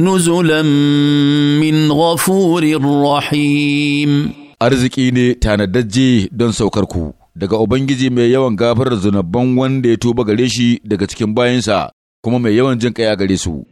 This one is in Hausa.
نزلا من غفور رحيم arziki ne tanadajje don saukar ku daga Ubangiji mai yawan gafarar zunubban wanda ya tuba gare shi daga cikin bayansa kuma mai yawan jin kaya gare su.